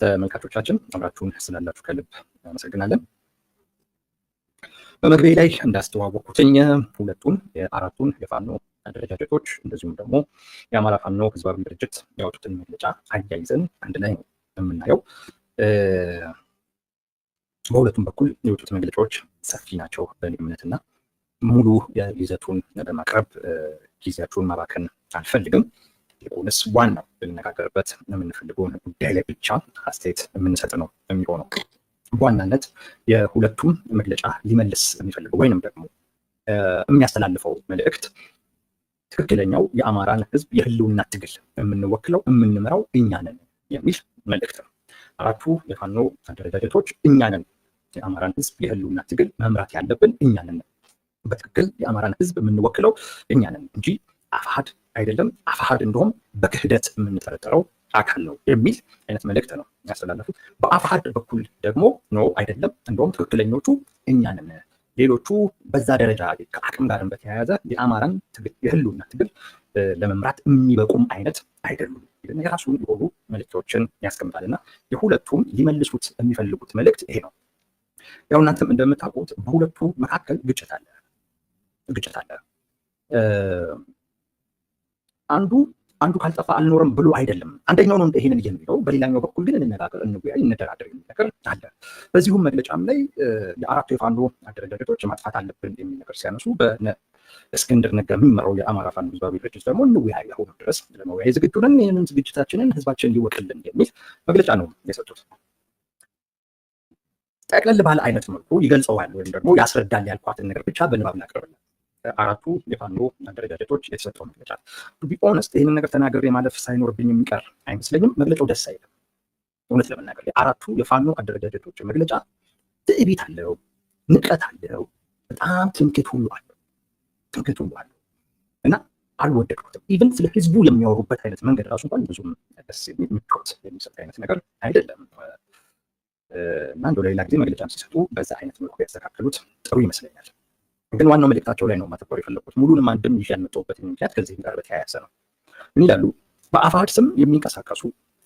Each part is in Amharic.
ተመልካቾቻችን አብራችሁን ስላላችሁ ከልብ አመሰግናለን። በመግቢያ ላይ እንዳስተዋወቅኩትኝ ሁለቱን የአራቱን የፋኖ አደረጃጀቶች እንደዚሁም ደግሞ የአማራ ፋኖ ህዝባዊ ድርጅት ያወጡትን መግለጫ አያይዘን አንድ ላይ ነው የምናየው። በሁለቱም በኩል የወጡት መግለጫዎች ሰፊ ናቸው በእኔ እምነትና ሙሉ ይዘቱን በማቅረብ ጊዜያችሁን ማባከን አልፈልግም። ይልቁንስ ዋናው ልንነጋገርበት የምንፈልገውን ጉዳይ ላይ ብቻ አስተያየት የምንሰጥ ነው የሚሆነው። በዋናነት የሁለቱም መግለጫ ሊመልስ የሚፈልገው ወይንም ደግሞ የሚያስተላልፈው መልእክት ትክክለኛው የአማራን ህዝብ የህልውና ትግል የምንወክለው የምንመራው እኛ ነን የሚል መልእክት ነው። አራቱ የፋኖ አደረጃጀቶች እኛ ነን የአማራን ሕዝብ የህልውና ትግል መምራት ያለብን እኛ ነን። በትክክል የአማራን ሕዝብ የምንወክለው እኛ ነን እንጂ አፋሃድ አይደለም፣ አፋሃድ እንደውም በክህደት የምንጠረጠረው አካል ነው የሚል አይነት መልእክት ነው ያስተላለፉት። በአፋሃድ በኩል ደግሞ ኖ አይደለም፣ እንደውም ትክክለኞቹ እኛንን ሌሎቹ በዛ ደረጃ ከአቅም ጋርን በተያያዘ የአማራን ትግል የህልውና ትግል ለመምራት የሚበቁም አይነት አይደሉም። የራሱ የሆኑ መልእክቶችን እና የሁለቱም ሊመልሱት የሚፈልጉት መልእክት ይሄ ነው። ያው እናንተም እንደምታውቁት በሁለቱ መካከል ግጭት አለ ግጭት አለ። አንዱ አንዱ ካልጠፋ አልኖርም ብሎ አይደለም። አንደኛው ነው ይሄንን የሚለው በሌላኛው በኩል ግን እንነጋገር፣ እንጉያ፣ እንደራደር የሚል ነገር አለ። በዚሁም መግለጫም ላይ የአራቱ የፋኖ አደረጃጀቶች ማጥፋት አለብን የሚል ነገር ሲያነሱ በነ እስክንድር ነጋ የሚመራው የአማራ ፋኖ ህዝባዊ ድርጅት ደግሞ እንወያይ፣ አሁን ድረስ ለመወያይ ዝግጁ ነን፣ ይህንን ዝግጅታችንን ህዝባችን ሊወቅልን የሚል መግለጫ ነው የሰጡት። ጠቅለል ባለ አይነት መልኩ ይገልጸዋል ወይም ደግሞ ያስረዳል ያልኳትን ነገር ብቻ በንባብ ላቅርብላል። አራቱ የፋኖ አደረጃጀቶች የተሰጠው መግለጫ ቢ ኦነስት ይህንን ነገር ተናገሬ ማለፍ ሳይኖርብኝ የሚቀር አይመስለኝም። መግለጫው ደስ አይልም። እውነት ለመናገር የአራቱ የፋኖ አደረጃጀቶች መግለጫ ትዕቢት አለው፣ ንቀት አለው፣ በጣም ትምክህት ሁሉ አለው። ትምክህት ሁሉ አለው እና አልወደድኩትም። ኢቨን ስለ ህዝቡ የሚያወሩበት አይነት መንገድ ራሱ እንኳን ብዙም ደስ ምቾት የሚሰጥ አይነት ነገር አይደለም። እና እንደ ለሌላ ጊዜ መግለጫም ሲሰጡ በዛ አይነት መልኩ ያስተካከሉት ጥሩ ይመስለኛል። ግን ዋናው መልእክታቸው ላይ ነው ማተኮር የፈለጉት። ሙሉንም አንድም ይዤ ያልመጣሁበትን ምክንያት ከዚህም ጋር በተያያዘ ነው። ምን ይላሉ? በአፋሕድ ስም የሚንቀሳቀሱ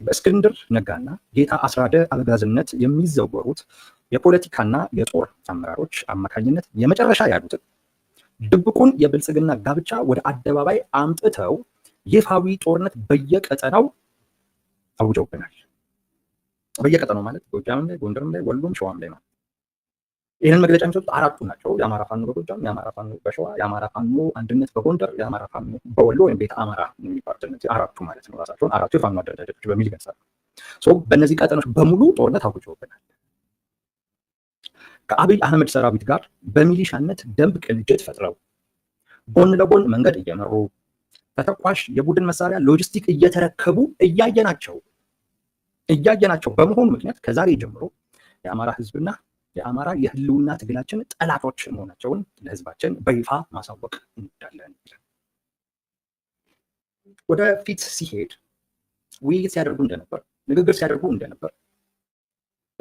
በእስክንድር ነጋና ጌታ አስራደ አበጋዝነት የሚዘወሩት የፖለቲካና የጦር አመራሮች አማካኝነት የመጨረሻ ያሉትን ድብቁን የብልጽግና ጋብቻ ወደ አደባባይ አምጥተው ይፋዊ ጦርነት በየቀጠናው አውጀውብናል። በየቀጠናው ማለት ጎጃምም ላይ፣ ጎንደርም ላይ፣ ወሎም ሸዋም ላይ ነው። ይህንን መግለጫ የሚሰጡት አራቱ ናቸው። የአማራ ፋኖ በጎጃም፣ የአማራ ፋኖ በሸዋ፣ የአማራ ፋኖ አንድነት በጎንደር፣ የአማራ ፋኖ በወሎ ወይም ቤተ አማራ የሚባሉት እነዚህ አራቱ ማለት ነው። ራሳቸውን አራቱ የፋኖ አደረጃጀቶች በሚል ይገልጻሉ። በእነዚህ ቀጠኖች በሙሉ ጦርነት አውጆብናል። ከአብይ አህመድ ሰራዊት ጋር በሚሊሻነት ደንብ ቅንጅት ፈጥረው ጎን ለጎን መንገድ እየመሩ ተተኳሽ የቡድን መሳሪያ ሎጂስቲክ እየተረከቡ እያየናቸው እያየናቸው በመሆኑ ምክንያት ከዛሬ ጀምሮ የአማራ ህዝብና የአማራ የህልውና ትግላችን ጠላቶች መሆናቸውን ለህዝባችን በይፋ ማሳወቅ እንዳለን ወደፊት ሲሄድ ውይይት ሲያደርጉ እንደነበር፣ ንግግር ሲያደርጉ እንደነበር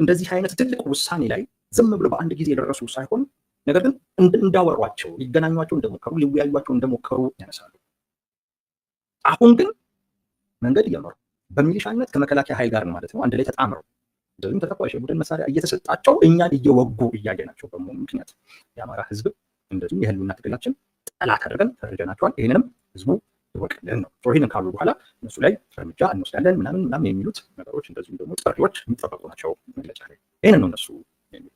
እንደዚህ አይነት ትልቅ ውሳኔ ላይ ዝም ብሎ በአንድ ጊዜ የደረሱ ሳይሆን ነገር ግን እንዳወሯቸው ሊገናኟቸው እንደሞከሩ ሊወያዩቸው እንደሞከሩ ያነሳሉ። አሁን ግን መንገድ እየመሩ በሚሊሻነት ከመከላከያ ኃይል ጋር ማለት ነው አንድ ላይ ተጣምረው እንደዚሁም ተተኳሽ የቡድን መሳሪያ እየተሰጣቸው እኛን እየወጉ እያየናቸው በመሆኑ ምክንያት የአማራ ህዝብ እንደዚሁም የህልውና ትግላችን ጠላት አድርገን ፈርጀናቸዋል። ይህንንም ህዝቡ ይወቅልን ነው። ይህንን ካሉ በኋላ እነሱ ላይ እርምጃ እንወስዳለን ምናምን ምናምን የሚሉት ነገሮች እንደዚሁም ደግሞ ጥሪዎች የሚጠበቁ ናቸው። መግለጫ ላይ ይህንን ነው እነሱ የሚሉት።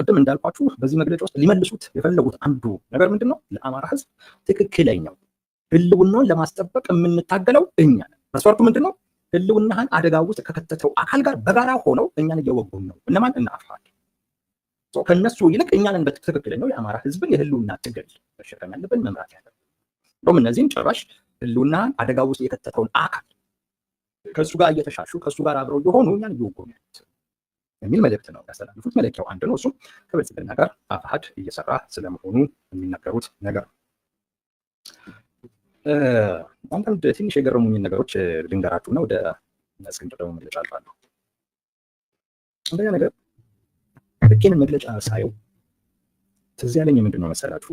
ቅድም እንዳልኳችሁ በዚህ መግለጫ ውስጥ ሊመልሱት የፈለጉት አንዱ ነገር ምንድን ነው? ለአማራ ህዝብ ትክክለኛው ህልውናውን ለማስጠበቅ የምንታገለው እኛ ነን። መስፈርቱ ምንድን ነው? ህልውናህን አደጋ ውስጥ ከከተተው አካል ጋር በጋራ ሆነው እኛን እየወጉን ነው። እነማን? እነ አፋሕድ። ከእነሱ ይልቅ እኛንን በትክክለኛው የአማራ ህዝብን የህልውና ትግል መሸከም ያለብን መምራት ያለብን። ም እነዚህም ጭራሽ ህልውናህን አደጋ ውስጥ የከተተውን አካል ከእሱ ጋር እየተሻሹ ከእሱ ጋር አብረው የሆኑ እኛን እየወጉን ያሉት የሚል መልእክት ነው ያስተላልፉት። መለኪያው አንድ ነው። እሱም ከብልጽግና ጋር አፋሕድ እየሰራ ስለመሆኑ የሚናገሩት ነገር ነው። አንዳንድ ትንሽ የገረሙኝን ነገሮች ልንገራችሁ እና ወደ እስክንድር ደግሞ መግለጫ አልፋለሁ። አንደኛ ነገር ልኬንን መግለጫ ሳየው ትዝ ያለኝ ምንድን ነው መሰላችሁ?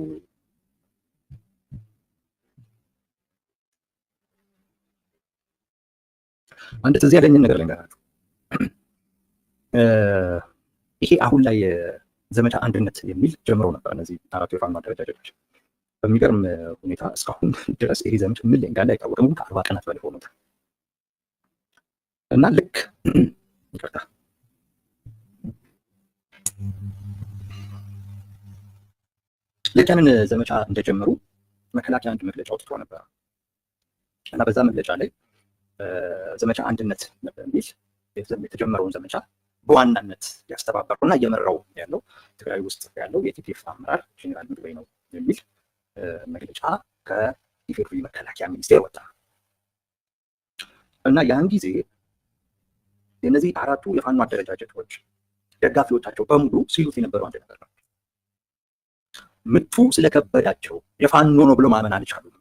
አንድ ትዝ ያለኝን ነገር ልንገራችሁ። ይሄ አሁን ላይ ዘመቻ አንድነት የሚል ጀምሮ ነበር እነዚህ አራቱ የፋኖ አደረጃጀቶች በሚገርም ሁኔታ እስካሁን ድረስ ይሄ ዘመድ ምን ላይ እንዳለ አይታወቅም። ግን ከአርባ ቀናት በላይ ሆኖታል እና ልክ ይቅርታ ልክ ያንን ዘመቻ እንደጀመሩ መከላከያ አንድ መግለጫ አውጥቶ ነበር እና በዛ መግለጫ ላይ ዘመቻ አንድነት ነበር የሚል የተጀመረውን ዘመቻ በዋናነት ያስተባበረው እና እየመራው ያለው ትግራይ ውስጥ ያለው የቲፒኤፍ አመራር ጄኔራል ምግበይ ነው የሚል መግለጫ ከኢፌድሪ መከላከያ ሚኒስቴር ወጣ እና ያን ጊዜ የእነዚህ አራቱ የፋኖ አደረጃጀቶች ደጋፊዎቻቸው በሙሉ ሲሉት የነበረው አንድ ነገር ነው። ምቱ ስለከበዳቸው የፋኖ ነው ብሎ ማመን አልቻሉም።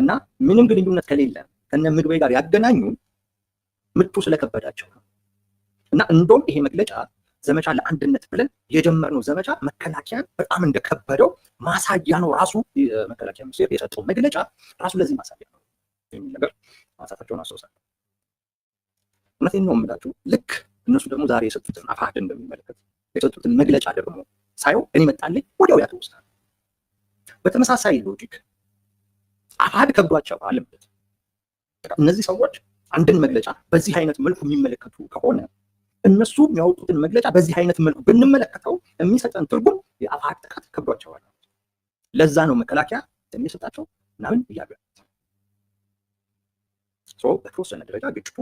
እና ምንም ግንኙነት ከሌለ ከነ ምግቤ ጋር ያገናኙ ምቱ ስለከበዳቸው ነው። እና እንደውም ይሄ መግለጫ ዘመቻ ለአንድነት ብለን የጀመርነው ዘመቻ መከላከያን በጣም እንደከበደው ማሳያ ነው። ራሱ መከላከያ ሚኒስቴር የሰጠው መግለጫ ራሱ ለዚህ ማሳያ ነው የሚል ነገር ማንሳታቸውን አስታውሳለሁ። እውነቴን ነው የምላችሁ። ልክ እነሱ ደግሞ ዛሬ የሰጡትን አፋሕድ እንደሚመለከት የሰጡትን መግለጫ ደግሞ ሳየው እኔ መጣልኝ ወዲያው ያተውስታል። በተመሳሳይ ሎጂክ አፋሕድ ከብዷቸው አለበት። እነዚህ ሰዎች አንድን መግለጫ በዚህ አይነት መልኩ የሚመለከቱ ከሆነ እነሱ የሚያወጡትን መግለጫ በዚህ አይነት መልኩ ብንመለከተው የሚሰጠን ትርጉም የአፋሕድ ጥቃት ከብዷቸዋል። ለዛ ነው መከላከያ የሚሰጣቸው ምናምን እያሉ በተወሰነ ደረጃ ግጭቱ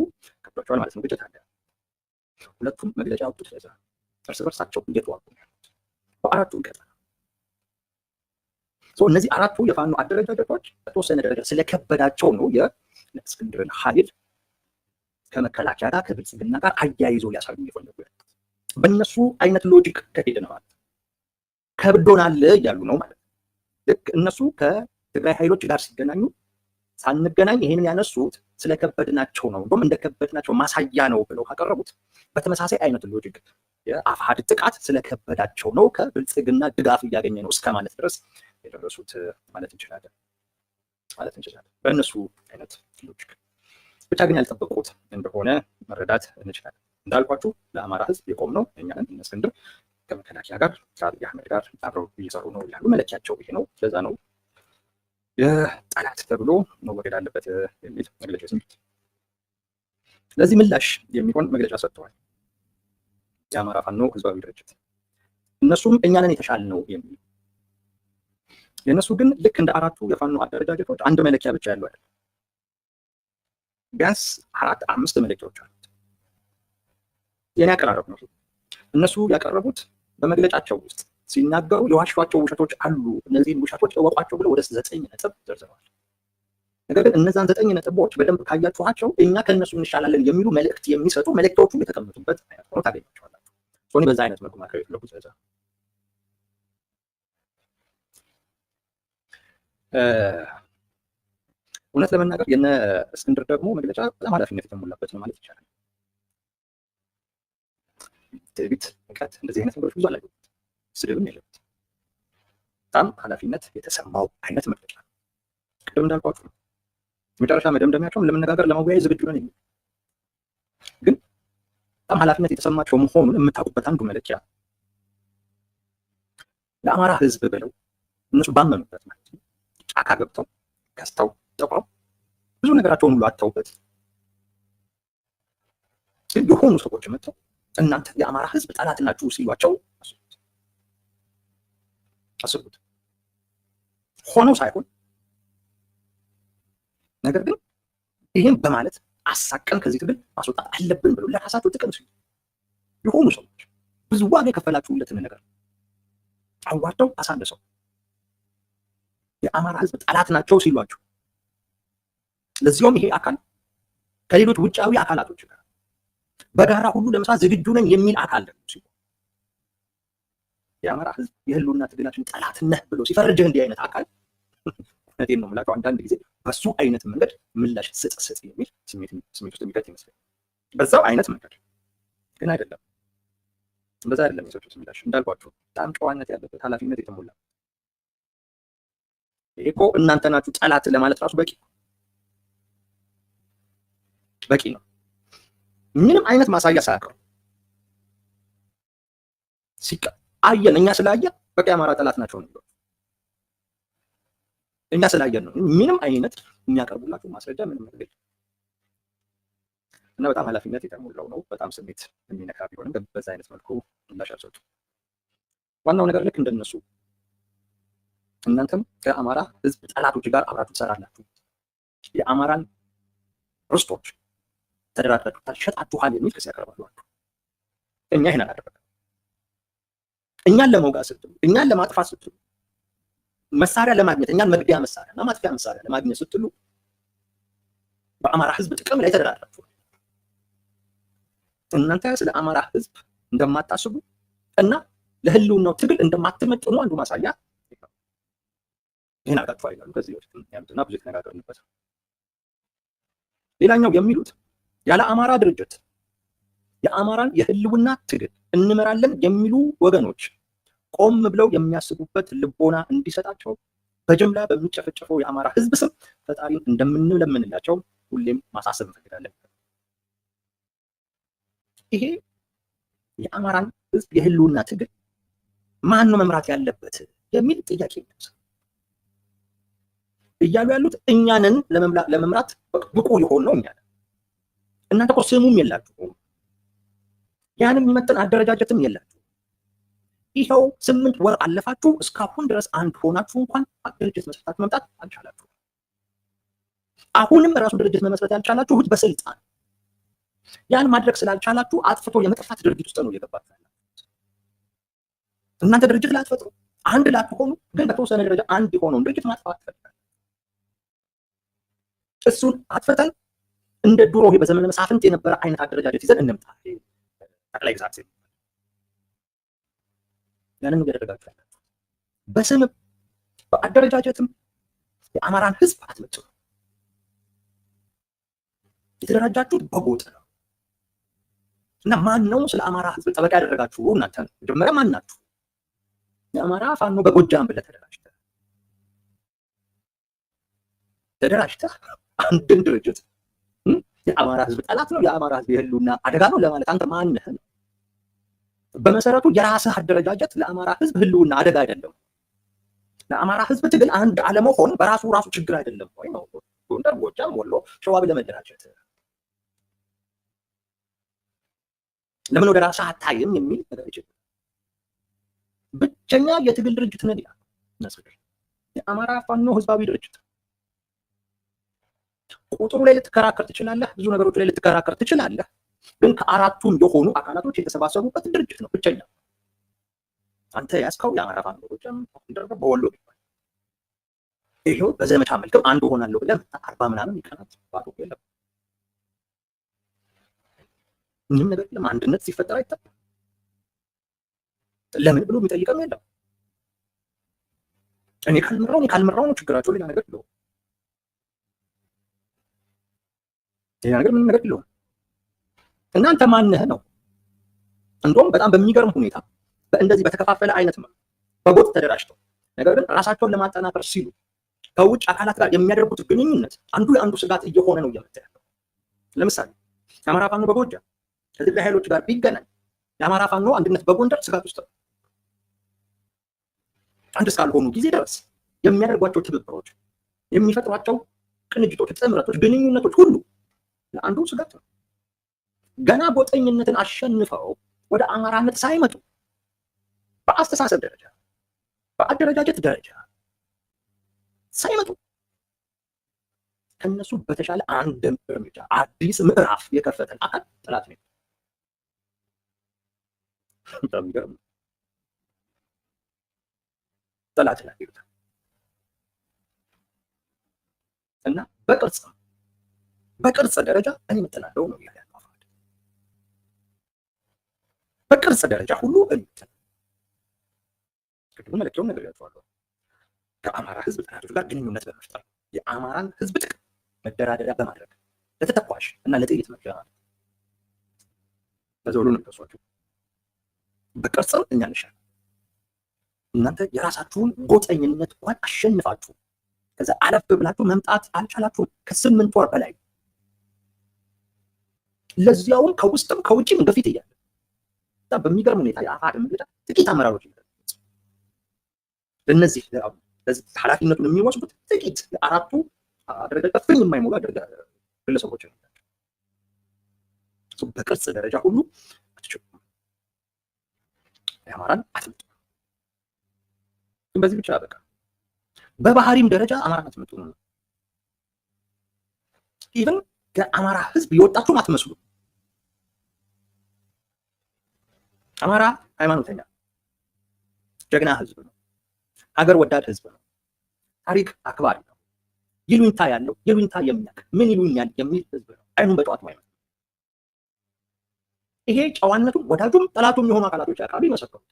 ከብዷቸዋል ማለት ነው። ግጭት አለ። ሁለቱም መግለጫ ያወጡት ለዛ እርስ በርሳቸው እየተዋጉ በአራቱ ገጠ እነዚህ አራቱ የፋኖ አደረጃጀቶች በተወሰነ ደረጃ ስለከበዳቸው ነው የእስክንድርን ኃይል ከመከላከያ ጋር ከብልጽግና ጋር አያይዞ ሊያሳዩ የፈለጉ ያሉት በእነሱ አይነት ሎጂክ ነው ማለት ከብዶናል እያሉ ነው ማለት ልክ እነሱ ከትግራይ ኃይሎች ጋር ሲገናኙ ሳንገናኝ ይህንን ያነሱት ስለከበድናቸው ነው፣ እንደውም እንደከበድናቸው ማሳያ ነው ብለው ካቀረቡት በተመሳሳይ አይነት ሎጂክ የአፋሕድ ጥቃት ስለከበዳቸው ነው ከብልጽግና ድጋፍ እያገኘ ነው እስከ ማለት ድረስ የደረሱት ማለት እንችላለን ማለት እንችላለን በእነሱ አይነት ሎጂክ ብቻ ግን ያልጠበቁት እንደሆነ መረዳት እንችላለን። እንዳልኳችሁ ለአማራ ህዝብ የቆም ነው እኛን እነ እስክንድር ከመከላከያ ጋር ከአብይ አህመድ ጋር አብረው እየሰሩ ነው ያሉ መለኪያቸው ይሄ ነው። ለዛ ነው የጠላት ተብሎ መወገድ አለበት የሚል መግለጫ ሰጡት። ለዚህ ምላሽ የሚሆን መግለጫ ሰጥተዋል። የአማራ ፋኖ ህዝባዊ ድርጅት እነሱም እኛንን የተሻል ነው የሚል የእነሱ ግን ልክ እንደ አራቱ የፋኖ አደረጃጀቶች አንድ መለኪያ ብቻ ያለው አይደለም። ቢያንስ አራት አምስት መግለጫዎች አሉት። የኔ አቀራረብ ነው። እነሱ ያቀረቡት በመግለጫቸው ውስጥ ሲናገሩ የዋሿቸው ውሸቶች አሉ። እነዚህን ውሸቶች እወቋቸው ብለው ወደ ዘጠኝ ነጥብ ዘርዝረዋል። ነገር ግን እነዛን ዘጠኝ ነጥቦች በደንብ ካያችኋቸው እኛ ከእነሱ እንሻላለን የሚሉ መልእክት የሚሰጡ መልእክቶቹ የተቀመጡበት አይነት ሆኖ ታገኛቸዋላችሁ። ሶኒ በዛ አይነት መልኩ ማቅረብ የፈለጉት ዘዛ ነው። እውነት ለመናገር የነ እስክንድር ደግሞ መግለጫ በጣም ኃላፊነት የተሞላበት ነው ማለት ይቻላል። ትዕቢት፣ ንቀት፣ እንደዚህ አይነት ነገሮች ብዙ አላገኙ ስድብም የለበት። በጣም ኃላፊነት የተሰማው አይነት መግለጫ ቅድም እንዳልኳችሁ ነው የመጨረሻ መደምደሚያቸውም ለመነጋገር ለመወያየት ዝግጁ ነን የሚል ግን በጣም ኃላፊነት የተሰማቸው መሆኑን የምታውቁበት አንዱ መለኪያ ለአማራ ሕዝብ ብለው እነሱ ባመኑበት ማለት ነው ጫካ ገብተው ከስተው ጠቁረው ብዙ ነገራቸውን ሁሉ አጥተውበት ግን የሆኑ ሰዎች መጥተው እናንተ የአማራ ህዝብ ጠላት ናችሁ ሲሏቸው አስቡት። ሆነው ሳይሆን ነገር ግን ይህም በማለት አሳቀን ከዚህ ትግል ማስወጣት አለብን ብሎ ለራሳቸው ጥቅም ሲሉ የሆኑ ሰዎች ብዙ ዋጋ የከፈላችሁለትን ነገር አዋርደው አሳንደሰው የአማራ ህዝብ ጠላት ናቸው ሲሏቸው ለዚያውም ይሄ አካል ከሌሎች ውጫዊ አካላቶች ጋር በጋራ ሁሉ ለመስራት ዝግጁ ነኝ የሚል አካል ደግሞ ሲሆን የአማራ ህዝብ የህልውና ትግላችን ጠላት ነህ ብሎ ሲፈርጅህ እንዲህ አይነት አካል እውነቴን ነው የምላቸው አንዳንድ ጊዜ በሱ አይነት መንገድ ምላሽ ስጥ ስጥ የሚል ስሜት ውስጥ የሚቀጥ ይመስለኛል። በዛው አይነት መንገድ ግን አይደለም፣ በዛ አይደለም የሰዎች ውስጥ ምላሽ እንዳልኳቸው በጣም ጨዋነት ያለበት ኃላፊነት የተሞላ ይሄ እኮ እናንተ ናችሁ ጠላት ለማለት ራሱ በቂ ነው በቂ ነው። ምንም አይነት ማሳያ ሳያቀርቡ ሲቀ አየን እኛ ስላየን በቃ የአማራ ጠላት ናቸው ነው እኛ ስላየን ነው። ምንም አይነት የሚያቀርቡላችሁ ማስረጃ ምንም ነገር እና በጣም ኃላፊነት የተሞላው ነው። በጣም ስሜት የሚነካ ቢሆንም በዛ አይነት መልኩ ምላሽ አልሰጡ። ዋናው ነገር ልክ እንደነሱ እናንተም ከአማራ ሕዝብ ጠላቶች ጋር አብራችሁ ትሰራላችሁ። የአማራን ርስቶች ተደራድራችሁታል፣ ሸጣችኋል የሚል ክስ ያቀርባሉ። እኛ ይህን እኛን ለመውጋት ስትሉ፣ እኛን ለማጥፋት ስትሉ፣ መሳሪያ ለማግኘት እኛን መግቢያ መሳሪያ እና ማጥፊያ መሳሪያ ለማግኘት ስትሉ በአማራ ህዝብ ጥቅም ላይ ተደራድራችኋል። እናንተ ስለ አማራ ሕዝብ እንደማታስቡ እና ለህልውናው ትግል እንደማትመጥኑ አንዱ ማሳያ ይህን ይላሉ። ከዚህ በፊት ብዙ ሌላኛው የሚሉት ያለ አማራ ድርጅት የአማራን የህልውና ትግል እንመራለን የሚሉ ወገኖች ቆም ብለው የሚያስቡበት ልቦና እንዲሰጣቸው በጅምላ በሚጨፈጨፈው የአማራ ህዝብ ስም ፈጣሪን እንደምንለምንላቸው ሁሌም ማሳሰብ እንፈልጋለን። ይሄ የአማራን ህዝብ የህልውና ትግል ማን ነው መምራት ያለበት የሚል ጥያቄ እያሉ ያሉት እኛንን ለመምራት ብቁ የሆን ነው እኛ እናንተ እኮ ስሙም የላችሁ ያንም የሚመጥን አደረጃጀትም የላችሁ። ይኸው ስምንት ወር አለፋችሁ። እስካሁን ድረስ አንድ ሆናችሁ እንኳን ድርጅት መስረታችሁ መምጣት አልቻላችሁ። አሁንም እራሱ ድርጅት መመስረት ያልቻላችሁት በስልጣን ያን ማድረግ ስላልቻላችሁ አጥፍቶ የመጥፋት ድርጊት ውስጥ ነው እየገባችሁ እናንተ ድርጅት ላትፈጥሩ አንድ ላትሆኑ፣ ግን በተወሰነ ደረጃ አንድ የሆነውን ድርጅት ማጥፋት ትፈልጋላችሁ። እሱን አጥፍተን እንደ ድሮ በዘመነ መሳፍንት የነበረ አይነት አደረጃጀት ይዘን እንምጣ። ጠቅላይ ግዛት ያንን እያደረጋችሁ በስም በአደረጃጀትም የአማራን ህዝብ አትመጡ። የተደራጃችሁት በጎጥ ነው እና ማን ነው ስለ አማራ ህዝብ ጠበቃ ያደረጋችሁ? እናንተ ነው። መጀመሪያ ማን ናችሁ? የአማራ ፋኖ በጎጃም ብለህ ተደራጅተህ ተደራጅተህ አንድን ድርጅት የአማራ ህዝብ ጠላት ነው፣ የአማራ ህዝብ የህልውና አደጋ ነው ለማለት አንተ ማንህ? በመሰረቱ የራስህ አደረጃጀት ለአማራ ህዝብ ህልውና አደጋ አይደለም። ለአማራ ህዝብ ትግል አንድ አለመሆን በራሱ ራሱ ችግር አይደለም ወይ ነው? ጎንደር፣ ጎጃም፣ ወሎ፣ ሸዋ ለመደራጀት ለምን ወደ ራስህ አታይም የሚል ነገር ይችላል። ብቸኛ የትግል ድርጅት ነን ያ የአማራ ፋኖ ህዝባዊ ድርጅት ነው። ቁጥሩ ላይ ልትከራከር ትችላለህ፣ ብዙ ነገሮች ላይ ልትከራከር ትችላለህ። ግን ከአራቱ የሆኑ አካላቶች የተሰባሰቡበት ድርጅት ነው ብቸኛ። አንተ ያስከው የአማራ ፋኖ ጎጃም ደርገ በወሎ ይሄው በዘመቻ መልክም አንዱ ሆናለሁ ብለህ አርባ ምናምን ይቀናት ባዶ የለም ምንም ነገር የለም። አንድነት ሲፈጠር አይታል ለምን ብሎ የሚጠይቀም የለም። እኔ ካልምራው እኔ ካልምራው ነው ችግራቸው ሌላ ነገር ነው። ይሄ ነገር ነገር የለውም። እናንተ ማነህ ነው። እንደውም በጣም በሚገርም ሁኔታ በእንደዚህ በተከፋፈለ አይነት በጎጥ ተደራጅተው ነገር ግን ራሳቸውን ለማጠናከር ሲሉ ከውጭ አካላት ጋር የሚያደርጉት ግንኙነት አንዱ የአንዱ ስጋት እየሆነ ነው እየመጣ ያለው። ለምሳሌ የአማራ ፋኖ በጎጃም ከትግራይ ኃይሎች ጋር ቢገናኝ የአማራ ፋኖ አንድነት በጎንደር ስጋት ውስጥ ነው። አንድ እስካልሆኑ ጊዜ ድረስ የሚያደርጓቸው ትብብሮች፣ የሚፈጥሯቸው ቅንጅቶች፣ ጥምረቶች፣ ግንኙነቶች ሁሉ ለአንዱ ስጋት ነው። ገና ጎጠኝነትን አሸንፈው ወደ አማራነት ሳይመጡ በአስተሳሰብ ደረጃ በአደረጃጀት ደረጃ ሳይመጡ ከነሱ በተሻለ አንድም እርምጃ አዲስ ምዕራፍ የከፈተን አካል ጠላት ነው። በጣም ይገርም ጠላት እና በቅርጽም በቅርጽ ደረጃ እኔ ምትናለው ነው ይላል። በቅርጽ ደረጃ ሁሉ እንትን ቅድም መለኪያውን ነግሬያቸዋለሁ። ከአማራ ህዝብ ጥናቶች ጋር ግንኙነት በመፍጠር የአማራን ህዝብ ጥቅም መደራደሪያ በማድረግ ለተተኳሽ እና ለጥይት መግዣ በዘውሉ ነበሷቸው። በቅርጽም እኛ እንሻል እናንተ የራሳችሁን ጎጠኝነት እንኳን አሸንፋችሁ ከዛ አለፍ ብላችሁ መምጣት አልቻላችሁም። ከስምንት ወር በላይ ለዚያውም ከውስጥም ከውጭም ግፊት እያለ በሚገርም ሁኔታ የአፋድ ምክንያት ጥቂት አመራሮች ለእነዚህ ኃላፊነቱን የሚወስዱት ጥቂት ለአራቱ አደረገ ከፍኝ የማይሞሉ አደረገ ግለሰቦች ነው። በቅርጽ ደረጃ ሁሉ የአማራን አትምጡ። በዚህ ብቻ በቃ በባህሪም ደረጃ አማራን አትምጡ ነው። ኢቨን ከአማራ ህዝብ የወጣችሁም አትመስሉም። አማራ ሃይማኖተኛ ጀግና ህዝብ ነው። ሀገር ወዳድ ህዝብ ነው። ታሪክ አክባሪ ነው። ይሉኝታ ያለው ይሉኝታ የሚያቅ ምን ይሉኛል የሚል ህዝብ ነው። አይኑን በጠዋት ማይነት ይሄ ጨዋነቱም ወዳጁም ጠላቱም የሆኑ አካላቶች ያውቃሉ፣ ይመሰክሩት።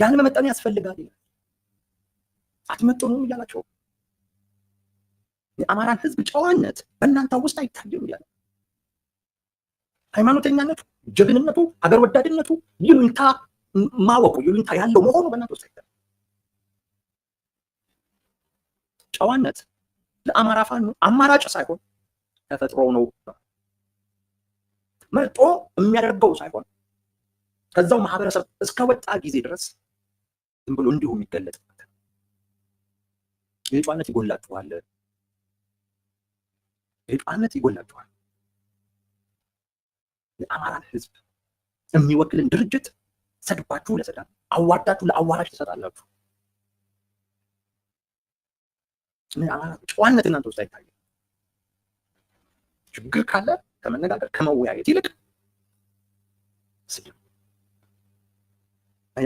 ያን መመጠን ያስፈልጋል። አትመጥኑም እያላቸው የአማራን ህዝብ ጨዋነት በእናንተ ውስጥ አይታየም እያለ ሃይማኖተኛነቱ ጀግንነቱ፣ አገር ወዳድነቱ፣ ይሉኝታ ማወቁ፣ ይሉኝታ ያለው መሆኑ በእናት ውስጥ ጨዋነት ለአማራ ፋኖ አማራጭ ሳይሆን ተፈጥሮ ነው። መርጦ የሚያደርገው ሳይሆን ከዛው ማህበረሰብ እስከ ወጣ ጊዜ ድረስ ዝም ብሎ እንዲሁ የሚገለጥበት ይህ ጨዋነት ይጎላችኋል። ይህ ጨዋነት ይጎላችኋል። የአማራን ህዝብ የሚወክልን ድርጅት ሰድባችሁ ለሰዳም አዋርዳችሁ ለአዋራሽ ትሰጣላችሁ። ጨዋነት እናንተ ውስጥ አይታየ። ችግር ካለ ከመነጋገር ከመወያየት ይልቅ ስድብ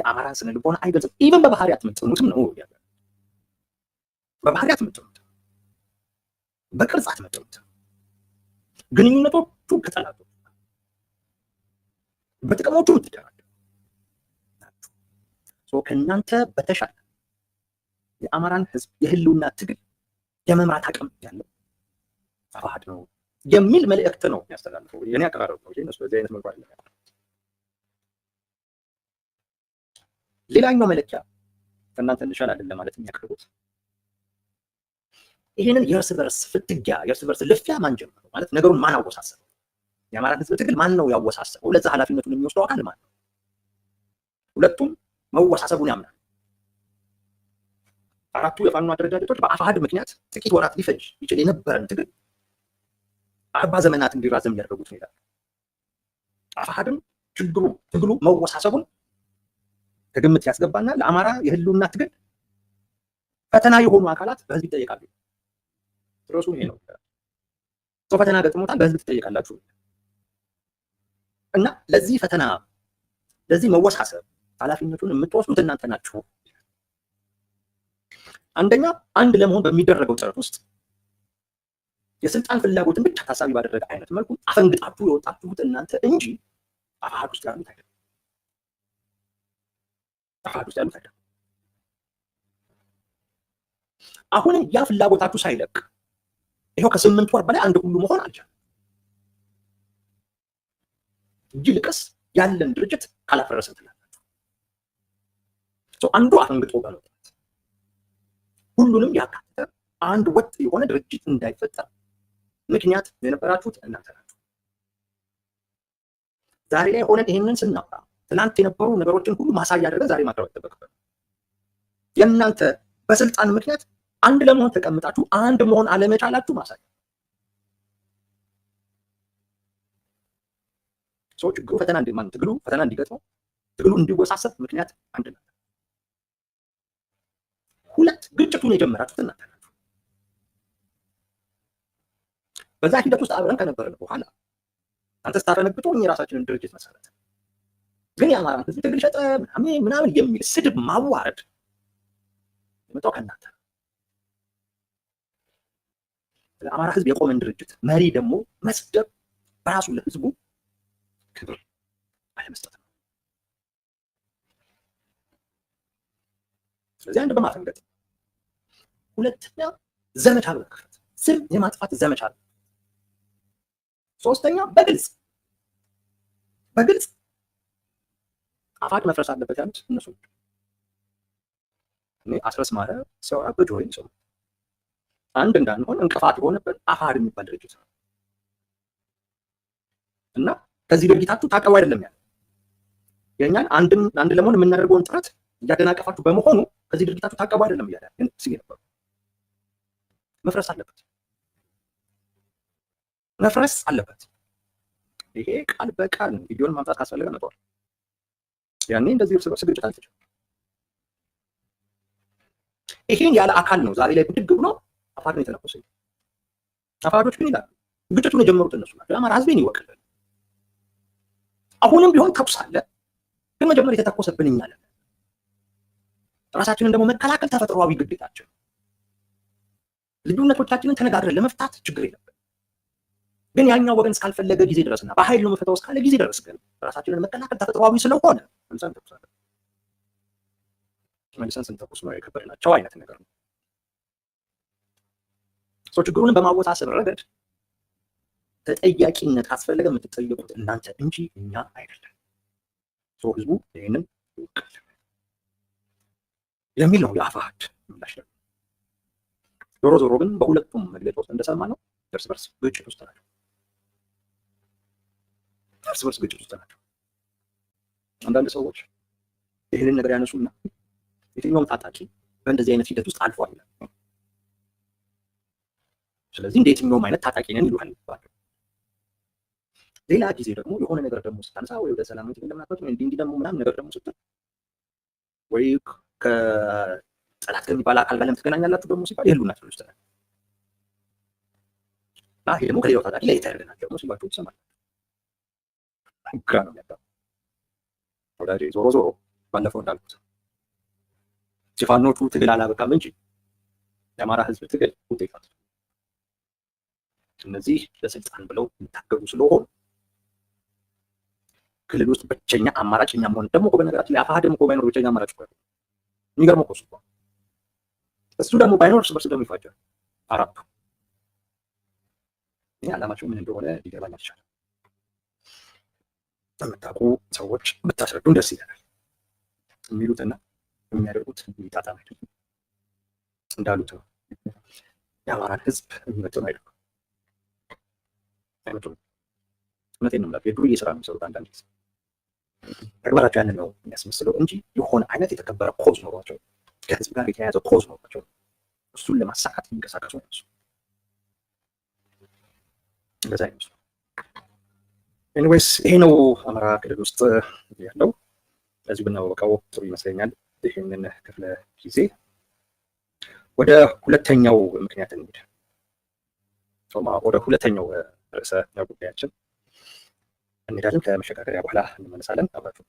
የአማራን ስነ ልቦና አይገልጽም። ኢቨን በባህሪያት የምትጽኑትም ነው። ያለ። በባህሪያት የምትጽኑት፣ በቅርጽ የምትጽኑት ግንኙነቶቹ ከጠላቱ በጥቅሞቹ የምትደራደሩ ከእናንተ በተሻለ የአማራን ህዝብ የህልውና ትግል የመምራት አቅም ያለው አፋሕድ ነው የሚል መልእክት ነው የሚያስተላልፈው። የኔ አቀራረብ ነው። እነሱ በዚህ አይነት ሌላኛው መለኪያ ከእናንተ እንሻል አይደለም ማለት የሚያቀርቡት ይህንን የእርስ በርስ ፍትጊያ የእርስ በርስ ልፊያ ማን ጀመረው ማለት ነገሩን ማን አወሳሰበው የአማራ ህዝብ ትግል ማን ነው ያወሳሰበው? ለዛ ኃላፊነቱን የሚወስደው አካል ማን ነው? ሁለቱም መወሳሰቡን ያምናል። አራቱ የፋኖ አደረጃጀቶች በአፋሃድ ምክንያት ጥቂት ወራት ሊፈጅ ይችል የነበረን ትግል አርባ ዘመናት እንዲራዘም ያደረጉት ሁኔታ አፋሃድም ችግሩ ትግሉ መወሳሰቡን ከግምት ያስገባና ለአማራ የህልውና ትግል ፈተና የሆኑ አካላት በህዝብ ይጠየቃሉ። ርዕሱ ይሄ ነው። ሰው ፈተና ገጥሞታል፣ በህዝብ ትጠየቃላችሁ። እና ለዚህ ፈተና ለዚህ መወሳሰብ ኃላፊነቱን የምትወስዱት እናንተ ናችሁ። አንደኛ አንድ ለመሆን በሚደረገው ጥረት ውስጥ የስልጣን ፍላጎትን ብቻ ታሳቢ ባደረገ አይነት መልኩ አፈንግጣችሁ የወጣችሁት እናንተ እንጂ አፋሃድ ውስጥ ያሉት አይደለም። አፋሃድ ውስጥ ያሉት አይደለም። አሁንም ያ ፍላጎታችሁ ሳይለቅ ይኸው ከስምንት ወር በላይ አንድ ሁሉ መሆን አልቻል ይልቅስ ያለን ድርጅት ካላፈረስን አንዱ አፈንግጦ በመውጣት ሁሉንም ያካተተ አንድ ወጥ የሆነ ድርጅት እንዳይፈጠር ምክንያት የነበራችሁት እናንተ ናችሁ። ዛሬ ላይ ሆነን ይህንን ስናወራ ትናንት የነበሩ ነገሮችን ሁሉ ማሳያ አድርገን ዛሬ ማቅረብ ይጠበቅብናል። የእናንተ በስልጣን ምክንያት አንድ ለመሆን ተቀምጣችሁ አንድ መሆን አለመቻላችሁ ማሳያ ሰው ችግሩ ፈተና እንዲማን ትግሉ ፈተና እንዲገጥመው ትግሉ እንዲወሳሰብ ምክንያት አንድ ነው። ሁለት ግጭቱን የጀመራችሁት እናንተ ናችሁ። በዛ ሂደት ውስጥ አብረን ከነበረን በኋላ አንተ ስታረነግጦ እኛ የራሳችንን ድርጅት መሰረት ግን የአማራን ህዝብ ትግል ሸጠ ምናምን የሚል ስድብ ማዋረድ የመጣው ከእናንተ ለአማራ ህዝብ የቆመን ድርጅት መሪ ደግሞ መስደብ በራሱ ለህዝቡ ክብር አለመስጠት ነው። ስለዚህ አንድ በማፈንገጥ ሁለተኛ ዘመቻ በመክፈት ስም የማጥፋት ዘመቻ ሶስተኛ በግልጽ በግልጽ መፍረስ አለበት ያሉት እነሱ እኔ አስረስ ሲያወራ አንድ እንዳንሆን እንቅፋት የሆነብን አፋድ የሚባል ድርጅት ነው እና ከዚህ ድርጊታችሁ ታቀቡ አይደለም ያለ የእኛን አንድን አንድ ለመሆን የምናደርገውን ጥረት እያደናቀፋችሁ በመሆኑ ከዚህ ድርጊታችሁ ታቀቡ አይደለም እያለ ግን ሲል ነበሩ። መፍረስ አለበት፣ መፍረስ አለበት። ይሄ ቃል በቃል ቪዲዮን ማምጣት ካስፈለገ ነበር። ያኔ እንደዚህ እርስ በርስ ግጭት አልተቻለ። ይሄን ያለ አካል ነው ዛሬ ላይ ብድግ ብሎ አፋር ነው የተለኮሰ። አፋሮች ግን ይላሉ ግጭቱን የጀመሩት እነሱ ናቸው። የአማራ ህዝብን ይወክላል አሁንም ቢሆን ተኩስ አለ፣ ግን መጀመር የተተኮሰብን እኛ ራሳችንን ደግሞ መከላከል ተፈጥሯዊ ግዴታችን። ልዩነቶቻችንን ተነጋግረን ለመፍታት ችግር የለብን። ግን ያኛው ወገን እስካልፈለገ ጊዜ ድረስና በኃይል ነው መፈታው እስካለ ጊዜ ድረስ ግን ራሳችንን መከላከል ተፈጥሯዊ ስለሆነ መልሰን ተኩሳለን። መልሰን ስንተኩስ ነው የከበድናቸው አይነት ነገር ነው። ችግሩን በማወሳሰብ ረገድ ተጠያቂነት ካስፈለገ የምትጠየቁት እናንተ እንጂ እኛ አይደለም። ህዝቡ ይህንን ይወቃል የሚል ነው የአፋሕድ ምላሽ። ዞሮ ዞሮ ግን በሁለቱም መግለጫ ውስጥ እንደሰማነው እርስ በርስ ግጭት ውስጥ ናቸው። እርስ በርስ ግጭት ውስጥ ናቸው። አንዳንድ ሰዎች ይህንን ነገር ያነሱና የትኛውም ታጣቂ በእንደዚህ አይነት ሂደት ውስጥ አልፏል። ስለዚህ እንደ የትኛውም አይነት ታጣቂ ነን ይሉሃል። ሌላ ጊዜ ደግሞ የሆነ ነገር ደግሞ ስታነሳ ወይ ወደ ሰላም ወንጌል እንደምናፈት ወይ እንዲህ ደግሞ ምናምን ነገር ደግሞ ስትል ወይ ከጠላት ከሚባል አካል ጋር ለምትገናኛላችሁ ደግሞ ሲባል የህሉና ሰዎች ተናል እና ይሄ ደግሞ ከሌላው ታጣቂ ለየት ያደርገናል ደግሞ ሲባቸው ይሰማል። ግራ ነው ያጣ ወዳጄ። ዞሮ ዞሮ ባለፈው እንዳልኩት የፋኖቹ ትግል አላበቃም እንጂ የአማራ ህዝብ ትግል ውጤት እነዚህ ለስልጣን ብለው የሚታገሉ ስለሆን ክልል ውስጥ ብቸኛ አማራጭ እኛ መሆን ደግሞ እኮ በነገራችን ላይ አፋህድም እኮ ባይኖር ብቸኛ አማራጭ እኮ የሚገርመው እኮ እሱ እኮ እሱ ደግሞ ባይኖር እርስ በርስ ደግሞ ይፋጃል አራቱ። ይህ አላማቸው ምን እንደሆነ ሊገባኝ አልቻለም። የምታውቁ ሰዎች ብታስረዱን ደስ ይለናል። የሚሉትና የሚያደርጉት የሚጣጣም አይደለም። እንዳሉት ነው የአማራን ህዝብ የሚመጥን አይደለም አይመጡም። እውነቴን ነው የምላቸው የዱርዬ ስራ ነው የሚሰሩት። አንዳንድ ጊዜ ተግባራቸው ያንን ነው የሚያስመስለው እንጂ የሆነ አይነት የተከበረ ኮዝ ኖሯቸው ከህዝብ ጋር የተያያዘ ኮዝ ኖሯቸው እሱን ለማሳካት የሚንቀሳቀሱ ነው። እሱ እንደዛ አይመስሉ። ኤኒዌይስ ይሄ ነው አማራ ክልል ውስጥ ያለው። ለዚህ ብናበቃው ጥሩ ይመስለኛል። ይህንን ክፍለ ጊዜ ወደ ሁለተኛው ምክንያት እንሂድ፣ ወደ ሁለተኛው ርዕሰ ጉዳያችን እንሄዳለን። ከመሸጋገሪያ በኋላ እንመለሳለን። አብራችሁ